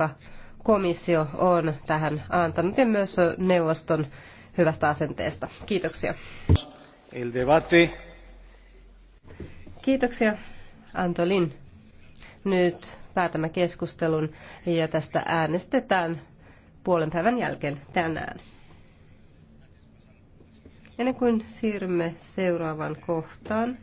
jonka komissio on tähän antanut ja myös neuvoston hyvästä asenteesta. Kiitoksia. El debate. Kiitoksia Antolin. Nyt päätämme keskustelun ja tästä äänestetään puolen päivän jälkeen tänään. Ennen kuin siirrymme seuraavaan kohtaan,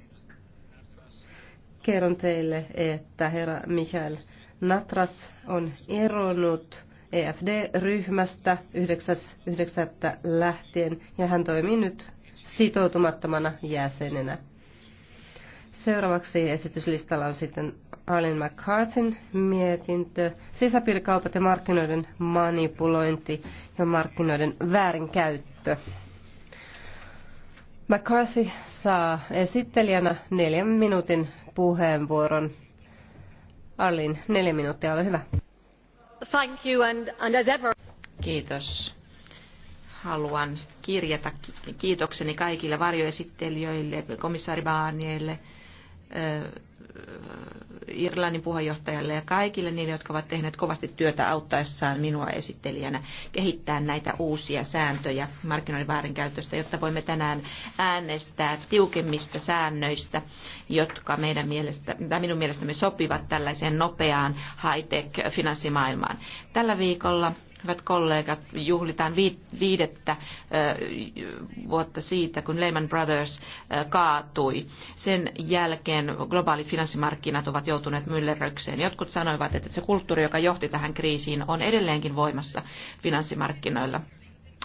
kerron teille, että herra Michael Natras on eronnut EFD-ryhmästä 9.9. lähtien ja hän toimii nyt sitoutumattomana jäsenenä. Seuraavaksi esityslistalla on sitten Alan McCarthyn mietintö, sisäpiirikaupat ja markkinoiden manipulointi ja markkinoiden väärinkäyttö. McCarthy saa esittelijänä neljän minuutin puheenvuoron. Arlin, neljä minuuttia, ole hyvä. Thank you and, and as ever. Kiitos. Haluan kirjata kiitokseni kaikille varjoesittelijöille, komissaari Baanielle, Irlannin puheenjohtajalle ja kaikille niille, jotka ovat tehneet kovasti työtä auttaessaan minua esittelijänä kehittää näitä uusia sääntöjä markkinoiden väärinkäytöstä, jotta voimme tänään äänestää tiukemmista säännöistä, jotka meidän mielestä, tai minun mielestämme sopivat tällaiseen nopeaan high-tech finanssimaailmaan. Tällä viikolla Hyvät kollegat, juhlitaan viidettä vuotta siitä, kun Lehman Brothers kaatui. Sen jälkeen globaalit finanssimarkkinat ovat joutuneet myllerrykseen. Jotkut sanoivat, että se kulttuuri, joka johti tähän kriisiin, on edelleenkin voimassa finanssimarkkinoilla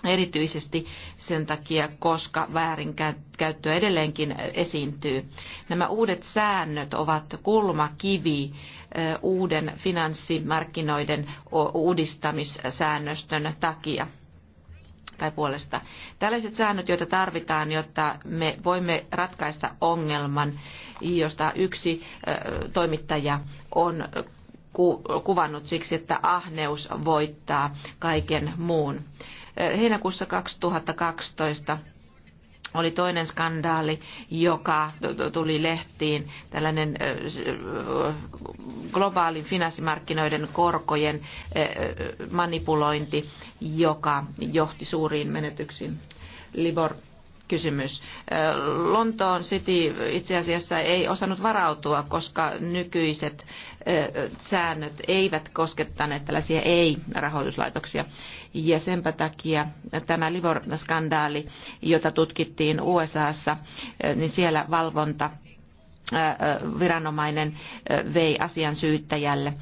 erityisesti sen takia, koska väärinkäyttöä edelleenkin esiintyy. Nämä uudet säännöt ovat kulmakivi uuden finanssimarkkinoiden uudistamissäännöstön takia tai puolesta. Tällaiset säännöt, joita tarvitaan, jotta me voimme ratkaista ongelman, josta yksi toimittaja on kuvannut siksi, että ahneus voittaa kaiken muun. Heinäkuussa 2012 oli toinen skandaali, joka tuli lehtiin, tällainen globaalin finanssimarkkinoiden korkojen manipulointi, joka johti suuriin menetyksiin. Libor kysymys. Lontoon City itse asiassa ei osannut varautua, koska nykyiset säännöt eivät koskettaneet tällaisia ei-rahoituslaitoksia. Ja senpä takia tämä livor skandaali jota tutkittiin USAssa, niin siellä valvonta viranomainen vei asian syyttäjälle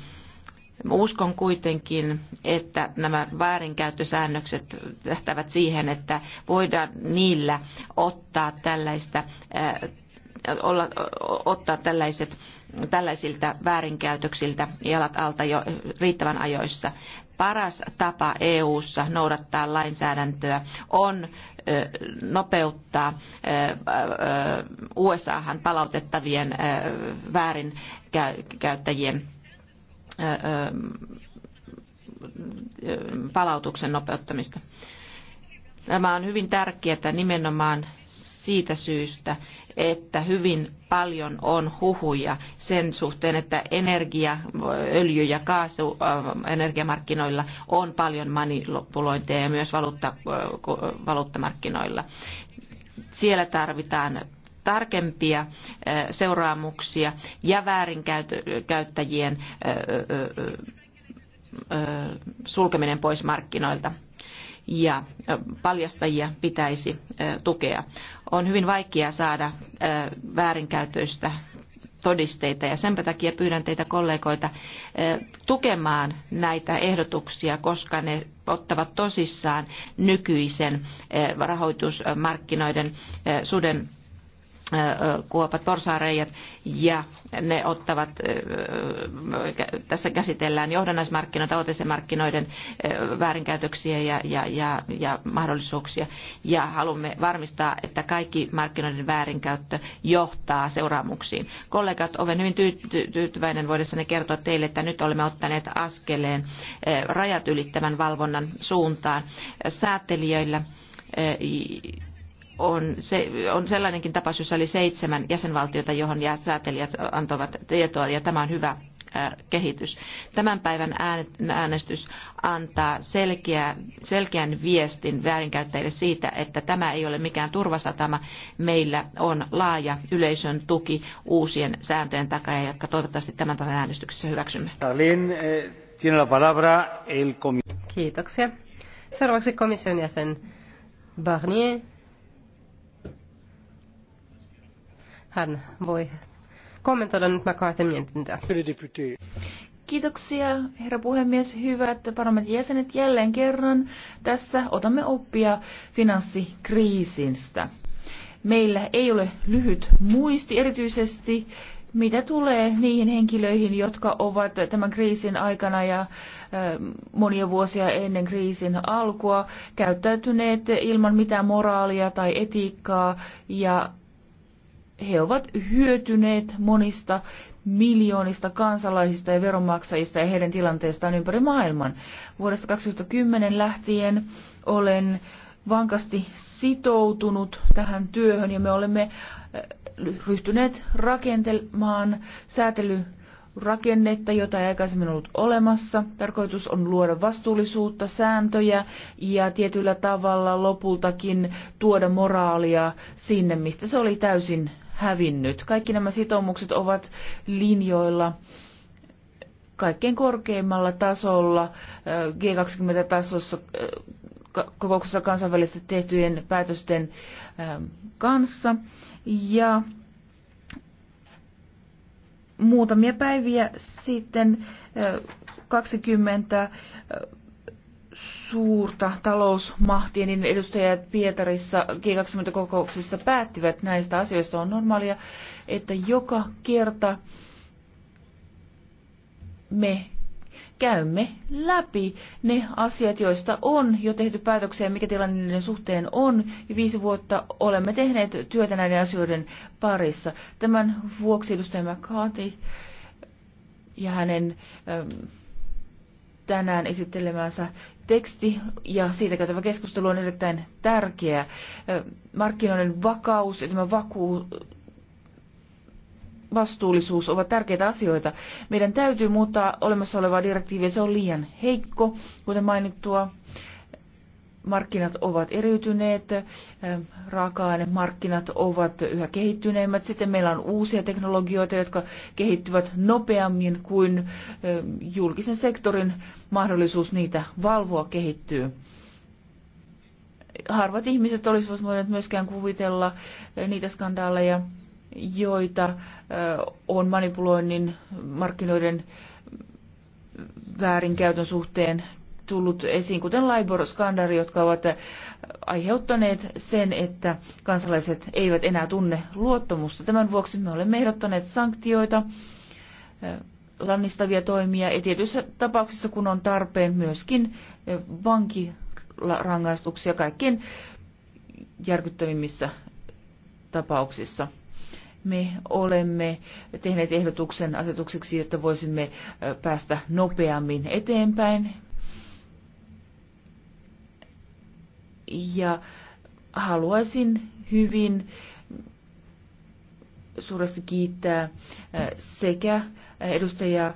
Uskon kuitenkin, että nämä väärinkäyttösäännökset tähtävät siihen, että voidaan niillä ottaa tällaista olla, ottaa tällaiset, tällaisilta väärinkäytöksiltä jalat alta jo riittävän ajoissa. Paras tapa EU:ssa noudattaa lainsäädäntöä on nopeuttaa USAhan palautettavien väärinkäyttäjien palautuksen nopeuttamista. Tämä on hyvin tärkeää nimenomaan siitä syystä, että hyvin paljon on huhuja sen suhteen, että energia, öljy- ja kaasu on paljon manipulointia ja myös valuutta, valuuttamarkkinoilla. Siellä tarvitaan tarkempia seuraamuksia ja väärinkäyttäjien sulkeminen pois markkinoilta ja paljastajia pitäisi tukea. On hyvin vaikeaa saada väärinkäytöistä todisteita ja sen takia pyydän teitä kollegoita tukemaan näitä ehdotuksia, koska ne ottavat tosissaan nykyisen rahoitusmarkkinoiden suden kuopat, porsareijat ja ne ottavat, tässä käsitellään johdannaismarkkinoita, OTC-markkinoiden väärinkäytöksiä ja, ja, ja, ja mahdollisuuksia ja haluamme varmistaa, että kaikki markkinoiden väärinkäyttö johtaa seuraamuksiin. Kollegat, olen hyvin tyytyväinen voidessani kertoa teille, että nyt olemme ottaneet askeleen rajat ylittävän valvonnan suuntaan säätelijöillä on, se, on sellainenkin tapaus, jossa oli seitsemän jäsenvaltiota, johon säätelijät antoivat tietoa, ja tämä on hyvä kehitys. Tämän päivän äänestys antaa selkeä, selkeän viestin väärinkäyttäjille siitä, että tämä ei ole mikään turvasatama. Meillä on laaja yleisön tuki uusien sääntöjen takaa, jotka toivottavasti tämän päivän äänestyksessä hyväksymme. Eh, Kiitoksia. Seuraavaksi komission jäsen Barnier Hän voi kommentoida nyt McCarthyn mietintöä. Kiitoksia, herra puhemies. Hyvät parlamentin jäsenet, jälleen kerran tässä otamme oppia finanssikriisistä. Meillä ei ole lyhyt muisti, erityisesti mitä tulee niihin henkilöihin, jotka ovat tämän kriisin aikana ja ähm, monia vuosia ennen kriisin alkua käyttäytyneet ilman mitään moraalia tai etiikkaa ja he ovat hyötyneet monista miljoonista kansalaisista ja veronmaksajista ja heidän tilanteestaan ympäri maailman. Vuodesta 2010 lähtien olen vankasti sitoutunut tähän työhön ja me olemme eh, ryhtyneet rakentelmaan säätely rakennetta, jota ei aikaisemmin ollut olemassa. Tarkoitus on luoda vastuullisuutta, sääntöjä ja tietyllä tavalla lopultakin tuoda moraalia sinne, mistä se oli täysin hävinnyt. Kaikki nämä sitoumukset ovat linjoilla kaikkein korkeimmalla tasolla, äh, G20-tasossa äh, kokouksessa kansainvälisesti tehtyjen päätösten ähm, kanssa. Ja muutamia päiviä sitten 20 äh, suurta talousmahtia, niin edustajat Pietarissa G20-kokouksissa päättivät näistä asioista. On normaalia, että joka kerta me käymme läpi ne asiat, joista on jo tehty päätöksiä, mikä tilanne niiden suhteen on. Ja viisi vuotta olemme tehneet työtä näiden asioiden parissa. Tämän vuoksi edustaja McCarthy ja hänen ähm, tänään esittelemänsä teksti ja siitä käytävä keskustelu on erittäin tärkeä. Markkinoiden vakaus ja tämä vakuu, vastuullisuus ovat tärkeitä asioita. Meidän täytyy muuttaa olemassa olevaa direktiiviä, se on liian heikko, kuten mainittua markkinat ovat eriytyneet, raaka markkinat ovat yhä kehittyneemmät. Sitten meillä on uusia teknologioita, jotka kehittyvät nopeammin kuin julkisen sektorin mahdollisuus niitä valvoa kehittyy. Harvat ihmiset olisivat voineet myöskään kuvitella niitä skandaaleja, joita on manipuloinnin markkinoiden väärinkäytön suhteen tullut esiin, kuten LIBOR-skandaali, jotka ovat aiheuttaneet sen, että kansalaiset eivät enää tunne luottamusta. Tämän vuoksi me olemme ehdottaneet sanktioita, eh, lannistavia toimia ja tietyissä tapauksissa, kun on tarpeen, myöskin eh, vankirangaistuksia kaikkein järkyttävimmissä tapauksissa me olemme tehneet ehdotuksen asetukseksi, jotta voisimme eh, päästä nopeammin eteenpäin. ja haluaisin hyvin suuresti kiittää sekä edustaja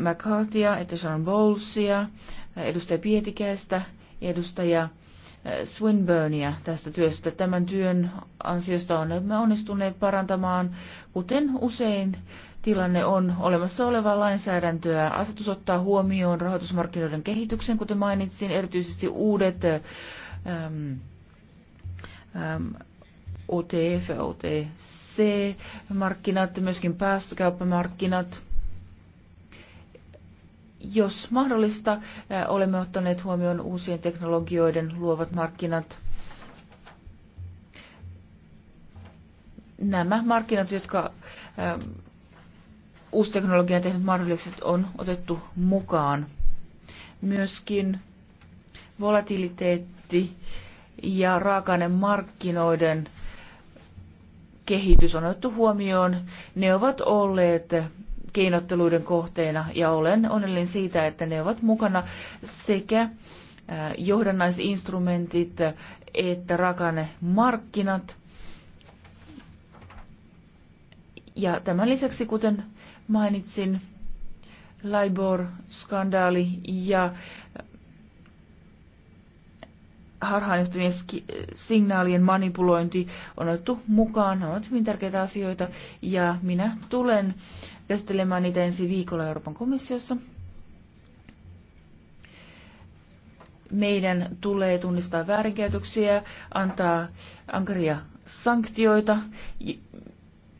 McCarthyä että Sean Bowlesia, edustaja Pietikäistä ja edustaja Swinburnia tästä työstä. Tämän työn ansiosta olemme onnistuneet parantamaan, kuten usein tilanne on, olemassa olevaa lainsäädäntöä. Asetus ottaa huomioon rahoitusmarkkinoiden kehityksen, kuten mainitsin, erityisesti uudet Ehm, ehm, OTF, OTC-markkinat, myöskin päästökauppamarkkinat. Jos mahdollista, eh, olemme ottaneet huomioon uusien teknologioiden luovat markkinat. Nämä markkinat, jotka ehm, uusi teknologia on tehnyt mahdolliset, on otettu mukaan. Myöskin volatiliteetti ja raaka markkinoiden kehitys on otettu huomioon. Ne ovat olleet keinotteluiden kohteena ja olen onnellinen siitä, että ne ovat mukana sekä johdannaisinstrumentit että rakane markkinat. Ja tämän lisäksi, kuten mainitsin, LIBOR-skandaali ja harhaanjohtavien signaalien manipulointi on otettu mukaan. Ne ovat hyvin tärkeitä asioita ja minä tulen käsittelemään niitä ensi viikolla Euroopan komissiossa. Meidän tulee tunnistaa väärinkäytöksiä, antaa ankaria sanktioita,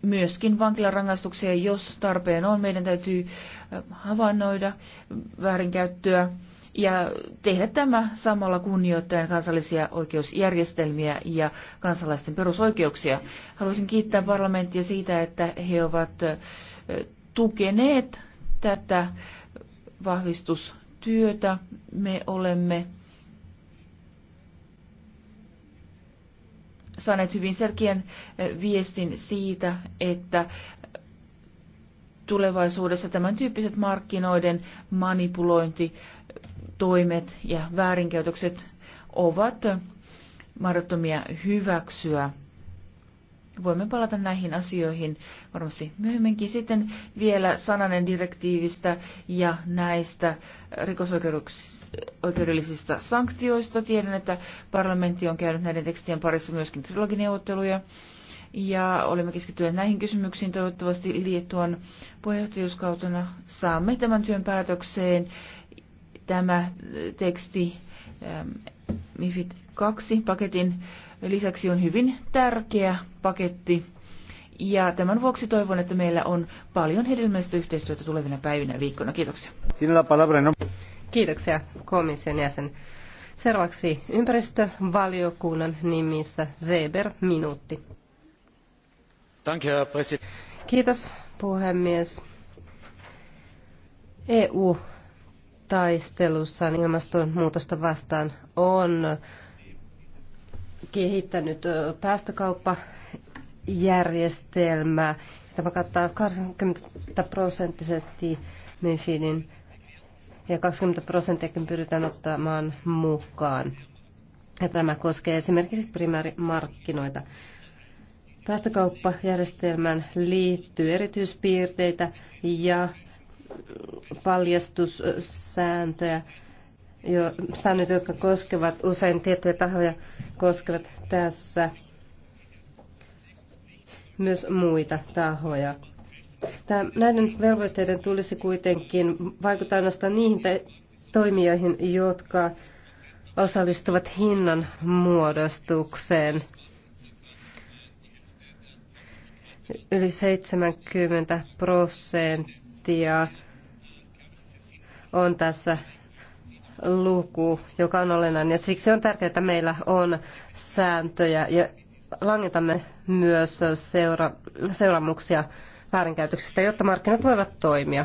myöskin vankilarangaistuksia, jos tarpeen on. Meidän täytyy äh, havainnoida väärinkäyttöä ja tehdä tämä samalla kunnioittaen kansallisia oikeusjärjestelmiä ja kansalaisten perusoikeuksia. Haluaisin kiittää parlamenttia siitä, että he ovat tukeneet tätä vahvistustyötä. Me olemme saaneet hyvin selkeän viestin siitä, että tulevaisuudessa tämän tyyppiset markkinoiden manipulointi toimet ja väärinkäytökset ovat mahdottomia hyväksyä. Voimme palata näihin asioihin varmasti myöhemminkin. Sitten vielä sananen direktiivistä ja näistä rikosoikeudellisista sanktioista. Tiedän, että parlamentti on käynyt näiden tekstien parissa myöskin trilogineuvotteluja. Ja olemme keskittyneet näihin kysymyksiin. Toivottavasti Liettuan puheenjohtajuuskautena saamme tämän työn päätökseen tämä teksti ähm, MIFID 2 paketin lisäksi on hyvin tärkeä paketti. Ja tämän vuoksi toivon, että meillä on paljon hedelmällistä yhteistyötä tulevina päivinä ja viikkoina. Kiitoksia. No. Kiitoksia komission jäsen. Seuraavaksi ympäristövaliokunnan nimissä Zeber minuutti. Kiitos puhemies. EU taistelussaan niin ilmastonmuutosta vastaan on kehittänyt päästökauppajärjestelmää. Tämä kattaa 20 prosenttisesti Mifidin ja 20 prosenttiakin pyritään ottamaan mukaan. Ja tämä koskee esimerkiksi primäärimarkkinoita. Päästökauppajärjestelmään liittyy erityispiirteitä ja paljastussääntöjä, jo, säännöt, jotka koskevat usein tiettyjä tahoja, koskevat tässä myös muita tahoja. Tämä, näiden velvoitteiden tulisi kuitenkin vaikuttaa ainoastaan niihin toimijoihin, jotka osallistuvat hinnan muodostukseen. Yli 70 prosenttia prosenttia on tässä luku, joka on olennainen. Ja siksi on tärkeää, että meillä on sääntöjä ja langetamme myös seura- seuraamuksia väärinkäytöksistä, jotta markkinat voivat toimia.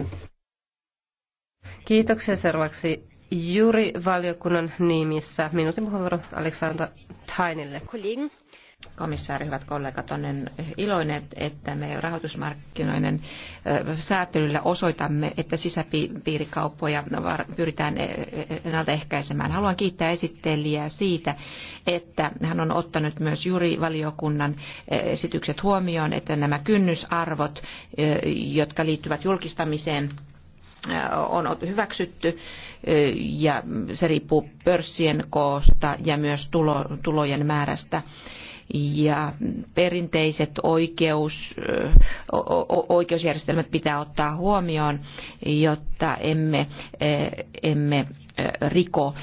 Kiitoksia seuraavaksi Juri valiokunnan nimissä. Minuutin puheenvuoro Aleksandra Tainille. Kollegen komissaari, hyvät kollegat, olen iloinen, että me rahoitusmarkkinoiden säätelyllä osoitamme, että sisäpiirikauppoja pyritään e, e, ennaltaehkäisemään. Haluan kiittää esittelijää siitä, että hän on ottanut myös valiokunnan e, esitykset huomioon, että nämä kynnysarvot, jotka liittyvät julkistamiseen, on hyväksytty ja se riippuu pörssien koosta ja myös tulojen määrästä ja perinteiset oikeus, oikeusjärjestelmät pitää ottaa huomioon, jotta emme, emme riko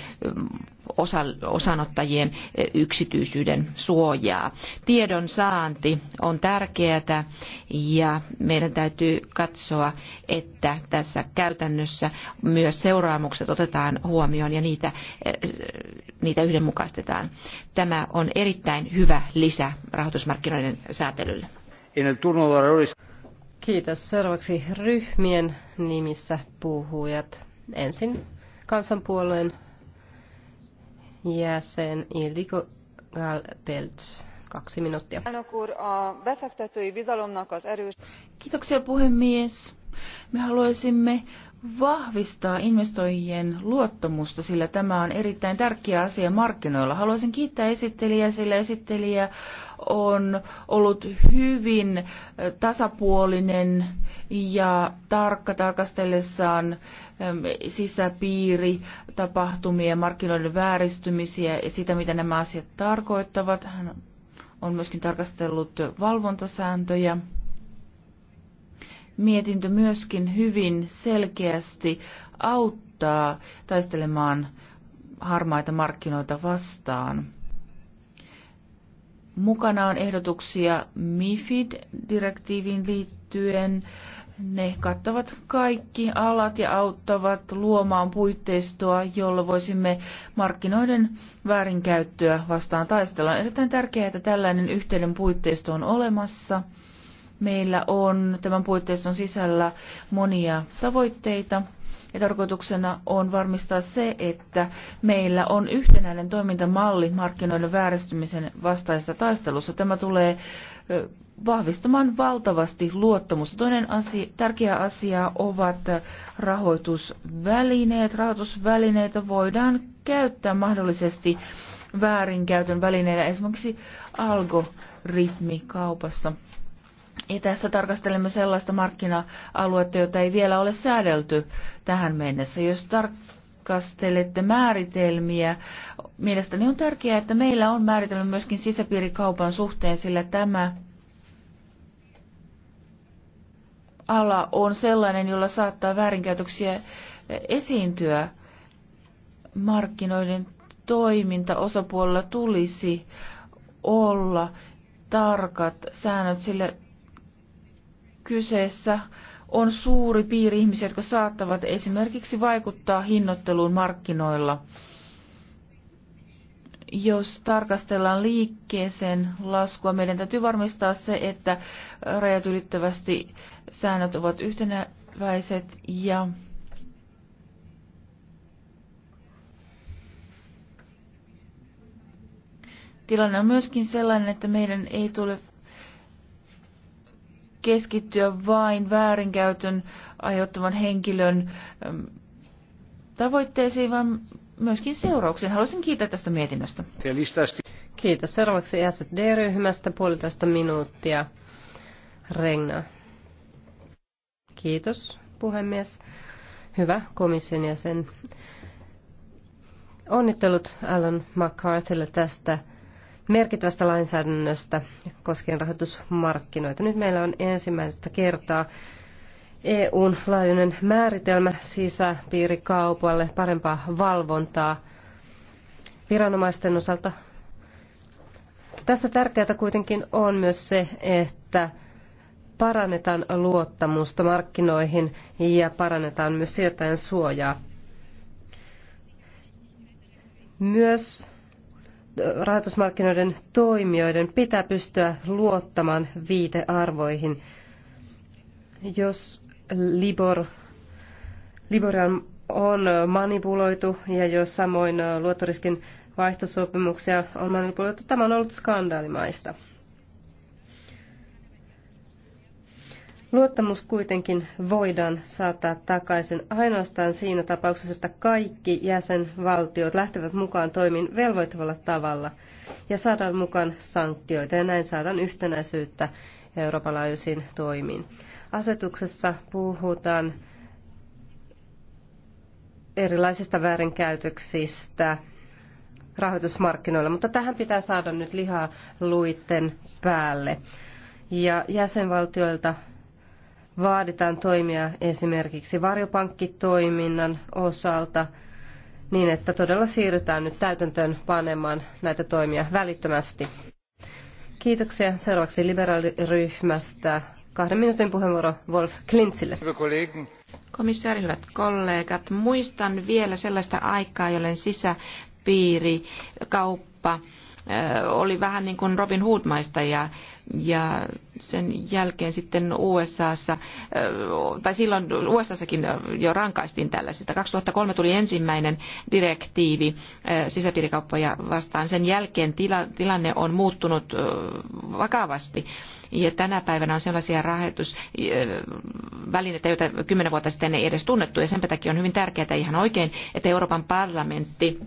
osanottajien eh, yksityisyyden suojaa. Tiedon saanti on tärkeää ja meidän täytyy katsoa, että tässä käytännössä myös seuraamukset otetaan huomioon ja niitä, eh, niitä yhdenmukaistetaan. Tämä on erittäin hyvä lisä rahoitusmarkkinoiden säätelylle. Kiitos. Seuraavaksi ryhmien nimissä puhujat. Ensin kansanpuolueen jäsen Ildiko Galpelt. Kaksi minuuttia. Kiitoksia puhemies. Me haluaisimme vahvistaa investoijien luottamusta, sillä tämä on erittäin tärkeä asia markkinoilla. Haluaisin kiittää esittelijää, sillä esittelijä on ollut hyvin tasapuolinen ja tarkka tarkastellessaan sisäpiiri, tapahtumia, markkinoiden vääristymisiä ja sitä, mitä nämä asiat tarkoittavat. Hän on myöskin tarkastellut valvontasääntöjä mietintö myöskin hyvin selkeästi auttaa taistelemaan harmaita markkinoita vastaan. Mukana on ehdotuksia MIFID-direktiiviin liittyen. Ne kattavat kaikki alat ja auttavat luomaan puitteistoa, jolla voisimme markkinoiden väärinkäyttöä vastaan taistella. On erittäin tärkeää, että tällainen yhteinen puitteisto on olemassa – Meillä on tämän puitteiston sisällä monia tavoitteita. Ja tarkoituksena on varmistaa se, että meillä on yhtenäinen toimintamalli markkinoiden vääristymisen vastaisessa taistelussa. Tämä tulee vahvistamaan valtavasti luottamusta. Toinen asia, tärkeä asia ovat rahoitusvälineet. Rahoitusvälineitä voidaan käyttää mahdollisesti väärinkäytön välineillä, esimerkiksi algoritmikaupassa. Ja tässä tarkastelemme sellaista markkina-aluetta, jota ei vielä ole säädelty tähän mennessä. Jos tarkastelette määritelmiä, mielestäni on tärkeää, että meillä on määritelmä myöskin sisäpiirikaupan suhteen, sillä tämä ala on sellainen, jolla saattaa väärinkäytöksiä esiintyä. Markkinoiden toiminta osapuolella tulisi olla tarkat säännöt, sillä kyseessä on suuri piiri ihmisiä, jotka saattavat esimerkiksi vaikuttaa hinnoitteluun markkinoilla. Jos tarkastellaan liikkeeseen laskua, meidän täytyy varmistaa se, että rajat ylittävästi säännöt ovat yhtenäväiset ja Tilanne on myöskin sellainen, että meidän ei tule keskittyä vain väärinkäytön aiheuttavan henkilön tavoitteisiin, vaan myöskin seurauksiin. Haluaisin kiittää tästä mietinnöstä. Kiitos. Seuraavaksi SD-ryhmästä puolitoista minuuttia. Regna. Kiitos, puhemies. Hyvä komission jäsen. Onnittelut Alan McCarthylle tästä merkittävästä lainsäädännöstä koskien rahoitusmarkkinoita. Nyt meillä on ensimmäistä kertaa EUn laajuinen määritelmä sisäpiirikaupalle, parempaa valvontaa viranomaisten osalta. Tässä tärkeää kuitenkin on myös se, että parannetaan luottamusta markkinoihin ja parannetaan myös sijoittajan suojaa. Myös rahoitusmarkkinoiden toimijoiden pitää pystyä luottamaan viitearvoihin. Jos Libor, Liboria on manipuloitu ja jos samoin luottoriskin vaihtosopimuksia on manipuloitu, tämä on ollut skandaalimaista. Luottamus kuitenkin voidaan saattaa takaisin ainoastaan siinä tapauksessa, että kaikki jäsenvaltiot lähtevät mukaan toimin velvoittavalla tavalla ja saadaan mukaan sanktioita ja näin saadaan yhtenäisyyttä Euroopan laajuisiin toimiin. Asetuksessa puhutaan erilaisista väärinkäytöksistä rahoitusmarkkinoilla, mutta tähän pitää saada nyt lihaa luitten päälle. Ja jäsenvaltioilta vaaditaan toimia esimerkiksi varjopankkitoiminnan osalta niin, että todella siirrytään nyt täytäntöön panemaan näitä toimia välittömästi. Kiitoksia. Seuraavaksi liberaaliryhmästä kahden minuutin puheenvuoro Wolf Klintsille. Komissaari, hyvät kollegat, muistan vielä sellaista aikaa, jolloin sisäpiiri, kauppa, oli vähän niin kuin Robin Hoodmaista ja, ja sen jälkeen sitten USAssa, tai silloin USAssakin jo rankaistiin tällaisista. 2003 tuli ensimmäinen direktiivi sisäpiirikauppoja vastaan. Sen jälkeen tila, tilanne on muuttunut vakavasti. Ja tänä päivänä on sellaisia rahoitusvälineitä, joita kymmenen vuotta sitten ei edes tunnettu. Ja sen takia on hyvin tärkeää ihan oikein, että Euroopan parlamentti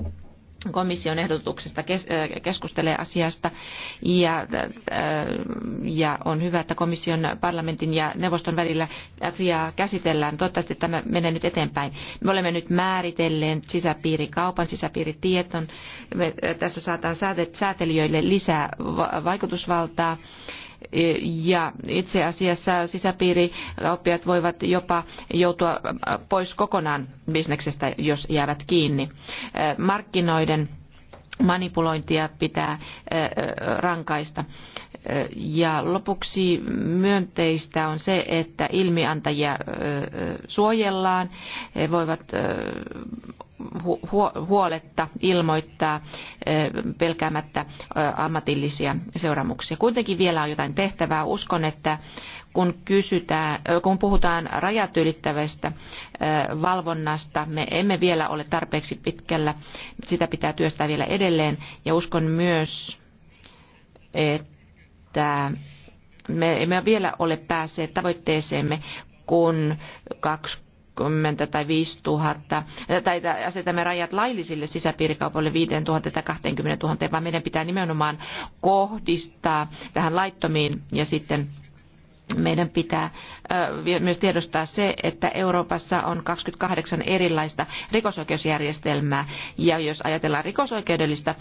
komission ehdotuksesta äh, keskustelee asiasta ja, äh, ja on hyvä, että komission, parlamentin ja neuvoston välillä asiaa käsitellään. Toivottavasti tämä menee nyt eteenpäin. Me olemme nyt määritelleet sisäpiirikaupan, sisäpiiritieton. Me, äh, tässä saadaan säätelijöille lisää vaikutusvaltaa ja itse asiassa sisäpiirikauppiat voivat jopa joutua pois kokonaan bisneksestä, jos jäävät kiinni. Markkinoiden manipulointia pitää rankaista ja lopuksi myönteistä on se, että ilmiantajia suojellaan. He voivat huoletta ilmoittaa pelkäämättä ammatillisia seuraamuksia. Kuitenkin vielä on jotain tehtävää. Uskon, että kun, kysytään, kun puhutaan rajat ylittävästä valvonnasta, me emme vielä ole tarpeeksi pitkällä. Sitä pitää työstää vielä edelleen ja uskon myös, että että me emme vielä ole päässeet tavoitteeseemme, kun 20 tai 5000, tai asetamme rajat laillisille sisäpiirikaupoille 5000 tai 20 000, vaan meidän pitää nimenomaan kohdistaa tähän laittomiin ja sitten meidän pitää myös tiedostaa se, että Euroopassa on 28 erilaista rikosoikeusjärjestelmää. Ja jos ajatellaan rikosoikeudellista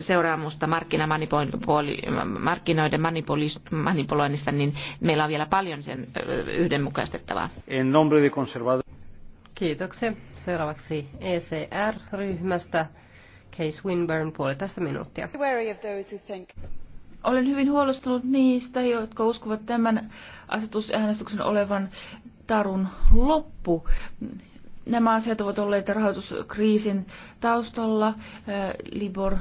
seuraamusta markkinoiden manipuloinnista, niin meillä on vielä paljon sen yhdenmukaistettavaa. Kiitoksia. Seuraavaksi ECR-ryhmästä Case Winburn puolitoista minuuttia. Olen hyvin huolestunut niistä, jotka uskovat tämän asetusäänestyksen olevan tarun loppu. Nämä asiat ovat olleet rahoituskriisin taustalla. Äh, Libor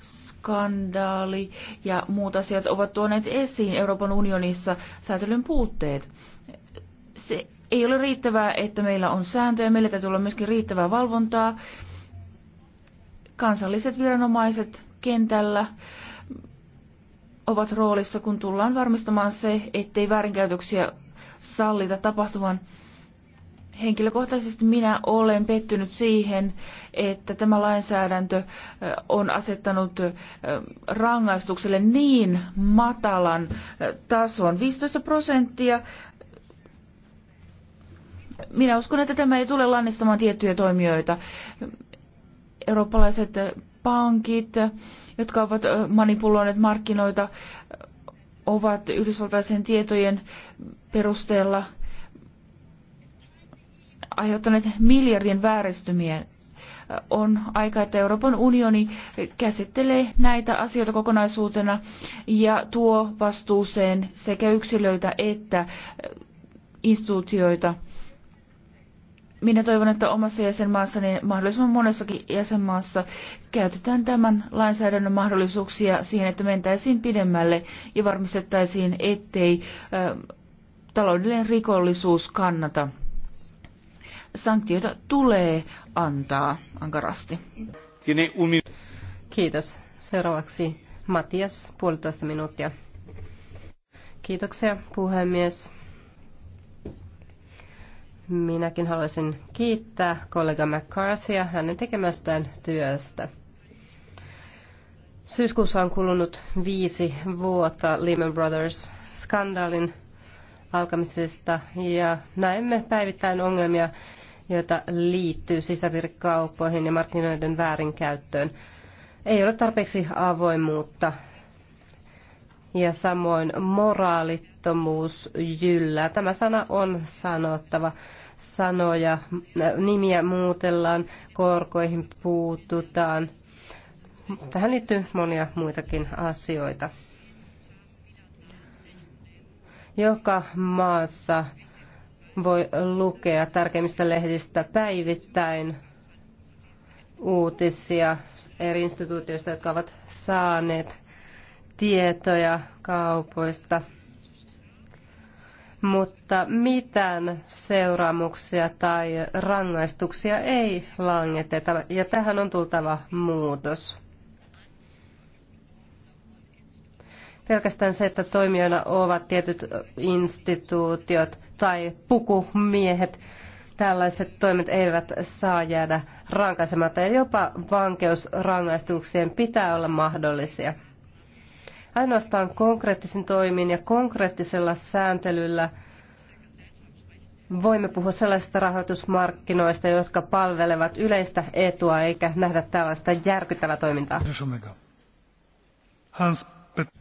skandaali ja muut asiat ovat tuoneet esiin Euroopan unionissa säätelyn puutteet. Se ei ole riittävää, että meillä on sääntöjä, meillä täytyy olla myöskin riittävää valvontaa. Kansalliset viranomaiset kentällä ovat roolissa, kun tullaan varmistamaan se, ettei väärinkäytöksiä sallita tapahtuvan. Henkilökohtaisesti minä olen pettynyt siihen, että tämä lainsäädäntö on asettanut rangaistukselle niin matalan tason, 15 prosenttia. Minä uskon, että tämä ei tule lannistamaan tiettyjä toimijoita. Eurooppalaiset pankit, jotka ovat manipuloineet markkinoita, ovat yhdysvaltaisen tietojen perusteella aiheuttaneet miljardien vääristymiä. On aika, että Euroopan unioni käsittelee näitä asioita kokonaisuutena ja tuo vastuuseen sekä yksilöitä että instituutioita – minä toivon, että omassa jäsenmaassa, niin mahdollisimman monessakin jäsenmaassa käytetään tämän lainsäädännön mahdollisuuksia siihen, että mentäisiin pidemmälle ja varmistettaisiin, ettei ä, taloudellinen rikollisuus kannata. Sanktioita tulee antaa ankarasti. Kiitos. Seuraavaksi Matias, puolitoista minuuttia. Kiitoksia puhemies. Minäkin haluaisin kiittää kollega McCarthyä hänen tekemästään työstä. Syyskuussa on kulunut viisi vuotta Lehman Brothers-skandaalin alkamisesta ja näemme päivittäin ongelmia, joita liittyy sisävirkauppoihin ja markkinoiden väärinkäyttöön. Ei ole tarpeeksi avoimuutta ja samoin moraali onnettomuus jyllää. Tämä sana on sanottava. Sanoja, äh, nimiä muutellaan, korkoihin puututaan. Tähän liittyy monia muitakin asioita. Joka maassa voi lukea tärkeimmistä lehdistä päivittäin uutisia eri instituutioista, jotka ovat saaneet tietoja kaupoista – mutta mitään seuraamuksia tai rangaistuksia ei langeteta, ja tähän on tultava muutos. Pelkästään se, että toimijoina ovat tietyt instituutiot tai pukumiehet, tällaiset toimet eivät saa jäädä rankaisematta ja jopa vankeusrangaistuksien pitää olla mahdollisia. Ainoastaan konkreettisin toimin ja konkreettisella sääntelyllä voimme puhua sellaisista rahoitusmarkkinoista, jotka palvelevat yleistä etua eikä nähdä tällaista järkyttävää toimintaa. Hans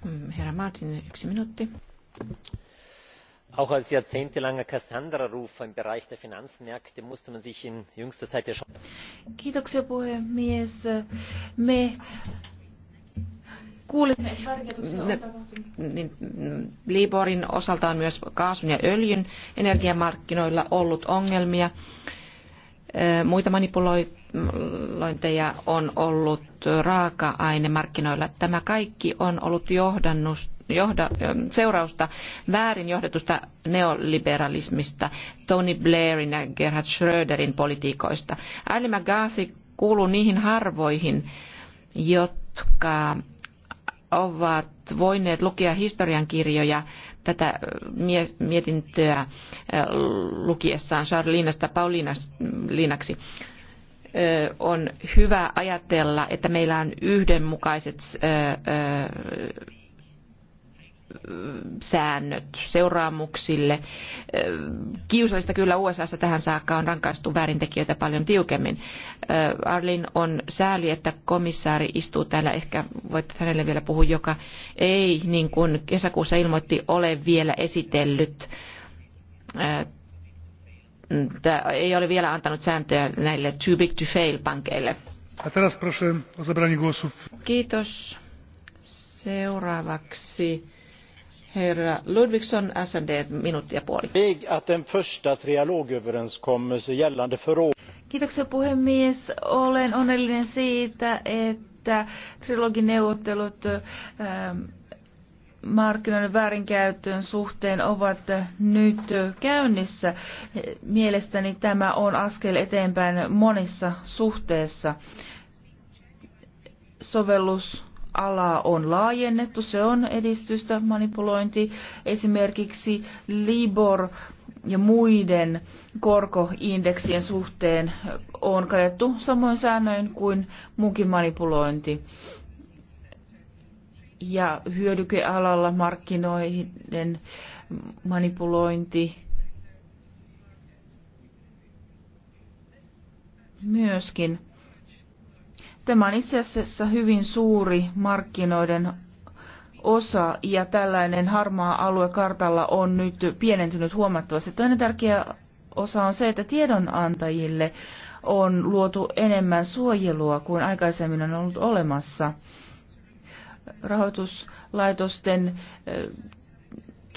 mm, Herra Martin, yksi minuutti. Auch als jahrzehntelanger Cassandra-Ruf im Bereich der Finanzmärkte musste man sich in jüngster Zeit ja schon... Kiitoksia puhemies. Me Kuulimme niin, mm, Liborin osalta on myös kaasun ja öljyn energiamarkkinoilla ollut ongelmia. Muita manipulointeja on ollut raaka-ainemarkkinoilla. Tämä kaikki on ollut johdannus, johda, seurausta väärin johdetusta neoliberalismista, Tony Blairin ja Gerhard Schröderin politiikoista. Ali McGarthy kuuluu niihin harvoihin, jotka ovat voineet lukea historiankirjoja tätä äh, mietintöä äh, lukiessaan Charlinasta Paulinaksi. Äh, on hyvä ajatella, että meillä on yhdenmukaiset säännöt seuraamuksille. Kiusallista kyllä USAssa tähän saakka on rankaistu väärintekijöitä paljon tiukemmin. Arlin on sääli, että komissaari istuu täällä, ehkä voit hänelle vielä puhua, joka ei, niin kuin kesäkuussa ilmoitti, ole vielä esitellyt ei ole vielä antanut sääntöjä näille too big to fail pankeille. Kiitos. Seuraavaksi Herra Ludvigsson, SND, minuutti ja puoli. Att en första trialogöverenskommelse gällande förå... Kiitoksia puhemies. Olen onnellinen siitä, että trilogineuvottelut ähm, markkinoiden väärinkäytön suhteen ovat nyt käynnissä. Mielestäni tämä on askel eteenpäin monissa suhteessa. Sovellus alaa on laajennettu, se on edistystä, manipulointi, esimerkiksi Libor ja muiden korkoindeksien suhteen on kajettu samoin säännöin kuin muukin manipulointi. Ja hyödykealalla markkinoiden manipulointi myöskin. Tämä on itse asiassa hyvin suuri markkinoiden osa ja tällainen harmaa alue kartalla on nyt pienentynyt huomattavasti. Toinen tärkeä osa on se, että tiedonantajille on luotu enemmän suojelua kuin aikaisemmin on ollut olemassa. Rahoituslaitosten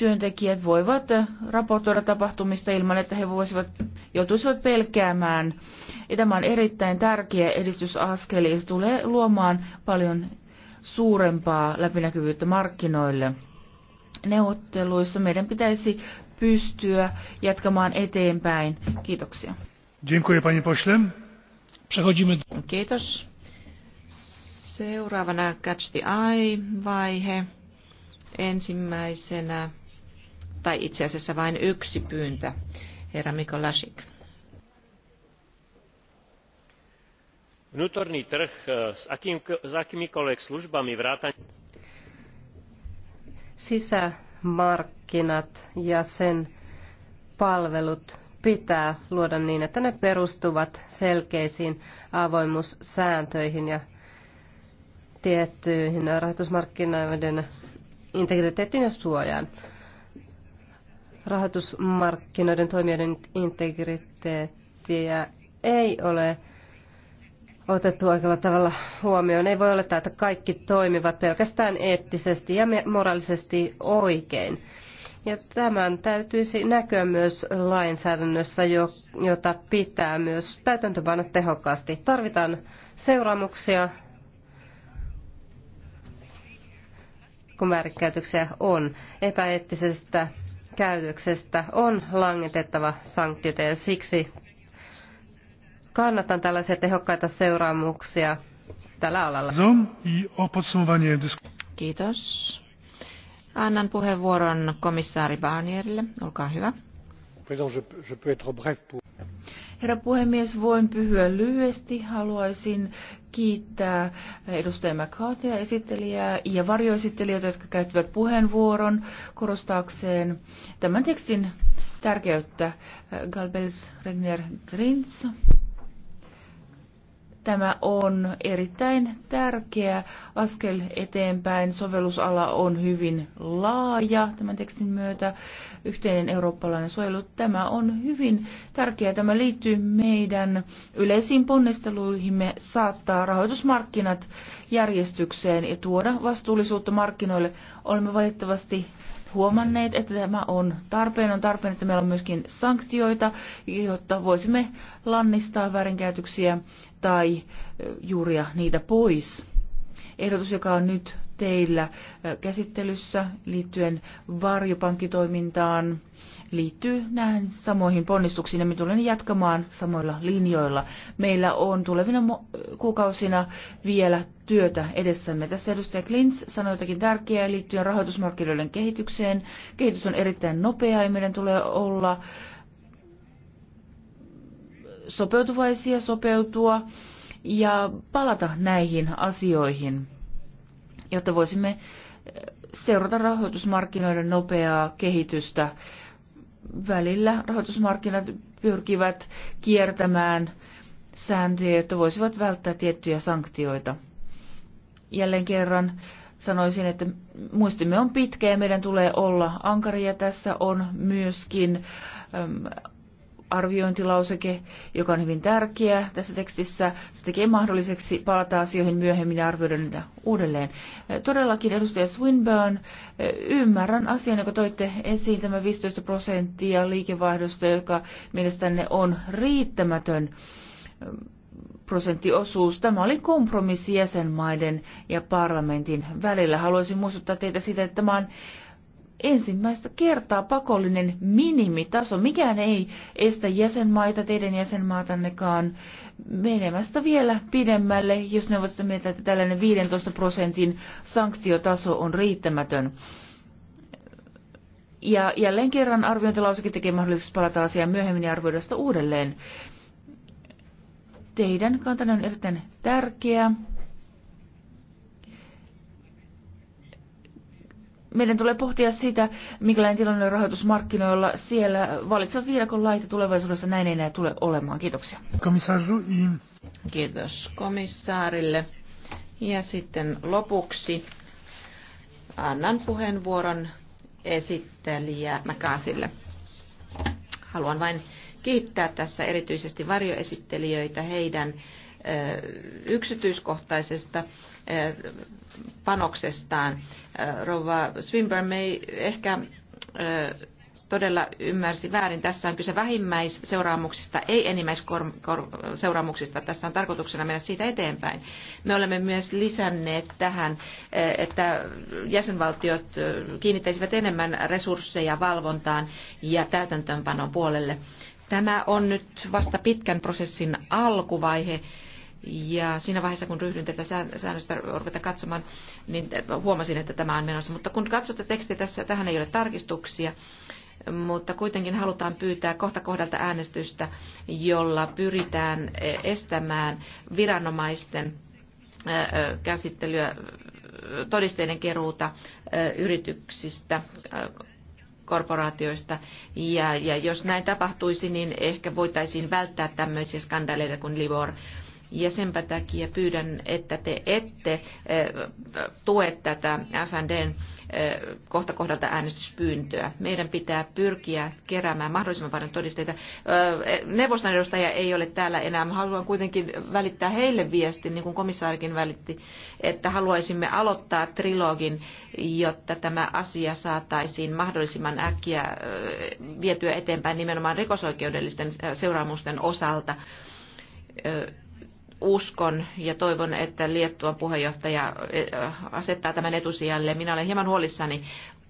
työntekijät voivat raportoida tapahtumista ilman, että he voisivat, joutuisivat pelkäämään. Ja tämä on erittäin tärkeä edistysaskel ja se tulee luomaan paljon suurempaa läpinäkyvyyttä markkinoille. Neuvotteluissa meidän pitäisi pystyä jatkamaan eteenpäin. Kiitoksia. Dziękuję panie pośle. Przechodzimy... Kiitos. Seuraavana Catch the Eye-vaihe. Ensimmäisenä tai itse asiassa vain yksi pyyntö, herra Mikolasik. Vnútorný trh eh, s, akým, s akýmikoľvek službami vrátane... Sisämarkkinat ja sen palvelut pitää luoda niin, että ne perustuvat selkeisiin avoimuussääntöihin ja tiettyihin rahoitusmarkkinoiden integriteettiin ja suojaan rahoitusmarkkinoiden toimijoiden integriteettiä ei ole otettu oikealla tavalla huomioon. Ei voi olettaa, että kaikki toimivat pelkästään eettisesti ja moraalisesti oikein. Ja tämän täytyisi näkyä myös lainsäädännössä, jota pitää myös täytäntöpanna tehokkaasti. Tarvitaan seuraamuksia, kun väärinkäytöksiä on. Epäeettisestä käytöksestä on langetettava sanktioita ja siksi kannatan tällaisia tehokkaita seuraamuksia tällä alalla. Kiitos. Annan puheenvuoron komissaari Barnierille. Olkaa hyvä. Herra puhemies, voin pyhyä lyhyesti. Haluaisin kiittää edustaja McCarthyä esittelijää ja varjoesittelijöitä, jotka käyttivät puheenvuoron korostaakseen tämän tekstin tärkeyttä. Galbels Regner Grins Tämä on erittäin tärkeä askel eteenpäin. Sovellusala on hyvin laaja tämän tekstin myötä. Yhteinen eurooppalainen suojelu, tämä on hyvin tärkeä. Tämä liittyy meidän yleisiin ponnisteluihimme saattaa rahoitusmarkkinat järjestykseen ja tuoda vastuullisuutta markkinoille. Olemme valitettavasti huomanneet, että tämä on tarpeen. On tarpeen, että meillä on myöskin sanktioita, jotta voisimme lannistaa väärinkäytöksiä tai juuria niitä pois. Ehdotus, joka on nyt teillä käsittelyssä liittyen varjopankkitoimintaan liittyy näihin samoihin ponnistuksiin ja me tulemme jatkamaan samoilla linjoilla. Meillä on tulevina kuukausina vielä työtä edessämme. Tässä edustaja Klins sanoi jotakin tärkeää liittyen rahoitusmarkkinoiden kehitykseen. Kehitys on erittäin nopeaa ja meidän tulee olla sopeutuvaisia, sopeutua ja palata näihin asioihin jotta voisimme eh, seurata rahoitusmarkkinoiden nopeaa kehitystä. Välillä rahoitusmarkkinat pyrkivät kiertämään sääntöjä, jotta voisivat välttää tiettyjä sanktioita. Jälleen kerran sanoisin, että muistimme on pitkä ja meidän tulee olla ankaria. Tässä on myöskin ehm, arviointilauseke, joka on hyvin tärkeä tässä tekstissä. Se tekee mahdolliseksi palata asioihin myöhemmin ja arvioida niitä uudelleen. Todellakin edustaja Swinburne, ymmärrän asian, joka toitte esiin, tämä 15 prosenttia liikevaihdosta, joka mielestänne on riittämätön prosenttiosuus. Tämä oli kompromissi jäsenmaiden ja parlamentin välillä. Haluaisin muistuttaa teitä siitä, että tämä on ensimmäistä kertaa pakollinen minimitaso. Mikään ei estä jäsenmaita, teidän jäsenmaatannekaan, menemästä vielä pidemmälle, jos ne ovat sitä mieltä, että tällainen 15 prosentin sanktiotaso on riittämätön. Ja jälleen kerran arviointilauseke tekee mahdollisuus palata asiaan myöhemmin ja arvioida sitä uudelleen. Teidän kantanne on erittäin tärkeä. meidän tulee pohtia sitä, minkälainen tilanne on rahoitusmarkkinoilla. Siellä valitsevat viidakon laita tulevaisuudessa näin ei enää tule olemaan. Kiitoksia. Kiitos komissaarille. Ja sitten lopuksi annan puheenvuoron esittelijä Mäkaasille. Haluan vain kiittää tässä erityisesti varjoesittelijöitä heidän Eh, yksityiskohtaisesta eh, panoksestaan. Eh, Rova Swinburne ei ehkä todella ymmärsi väärin. Tässä on kyse vähimmäisseuraamuksista, ei enimmäisseuraamuksista. Tässä on tarkoituksena mennä siitä eteenpäin. Me olemme myös lisänneet tähän, että jäsenvaltiot kiinnittäisivät enemmän resursseja valvontaan ja täytäntöönpanon puolelle. Tämä on nyt vasta pitkän prosessin alkuvaihe ja siinä vaiheessa, kun ryhdyin tätä säännöstä ruveta katsomaan, niin huomasin, että tämä on menossa. Mutta kun katsotte tekstiä, tässä, tähän ei ole tarkistuksia, mutta kuitenkin halutaan pyytää kohta kohdalta äänestystä, jolla pyritään estämään viranomaisten käsittelyä todisteiden keruuta yrityksistä, korporaatioista. Ja, ja jos näin tapahtuisi, niin ehkä voitaisiin välttää tämmöisiä skandaaleja kuin Livor. Ja senpä takia pyydän, että te ette eh, tue tätä FNDn eh, kohta kohdalta äänestyspyyntöä. Meidän pitää pyrkiä keräämään mahdollisimman paljon todisteita. Eh, neuvoston edustaja ei ole täällä enää. Haluan kuitenkin välittää heille viestin, niin kuin komissaarikin välitti, että haluaisimme aloittaa trilogin, jotta tämä asia saataisiin mahdollisimman äkkiä vietyä eteenpäin nimenomaan rikosoikeudellisten seuraamusten osalta uskon ja toivon, että Liettuan puheenjohtaja äh, asettaa tämän etusijalle. Minä olen hieman huolissani,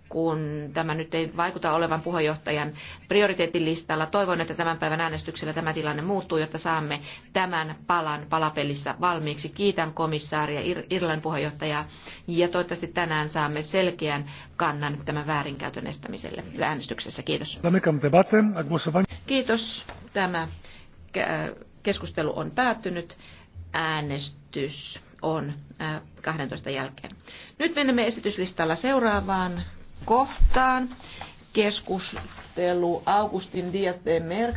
kun tämä nyt ei vaikuta olevan puheenjohtajan prioriteettilistalla. Toivon, että tämän päivän äänestyksellä tämä tilanne muuttuu, jotta saamme tämän palan palapelissä valmiiksi. Kiitän komissaaria Ir- Irlannin puheenjohtajaa ja toivottavasti tänään saamme selkeän kannan tämän väärinkäytön estämiselle äänestyksessä. Kiitos. Kiitos. Tämä äh, keskustelu on päättynyt äänestys on 12 äh, jälkeen. Nyt menemme esityslistalla seuraavaan kohtaan. Keskustelu Augustin Diaz de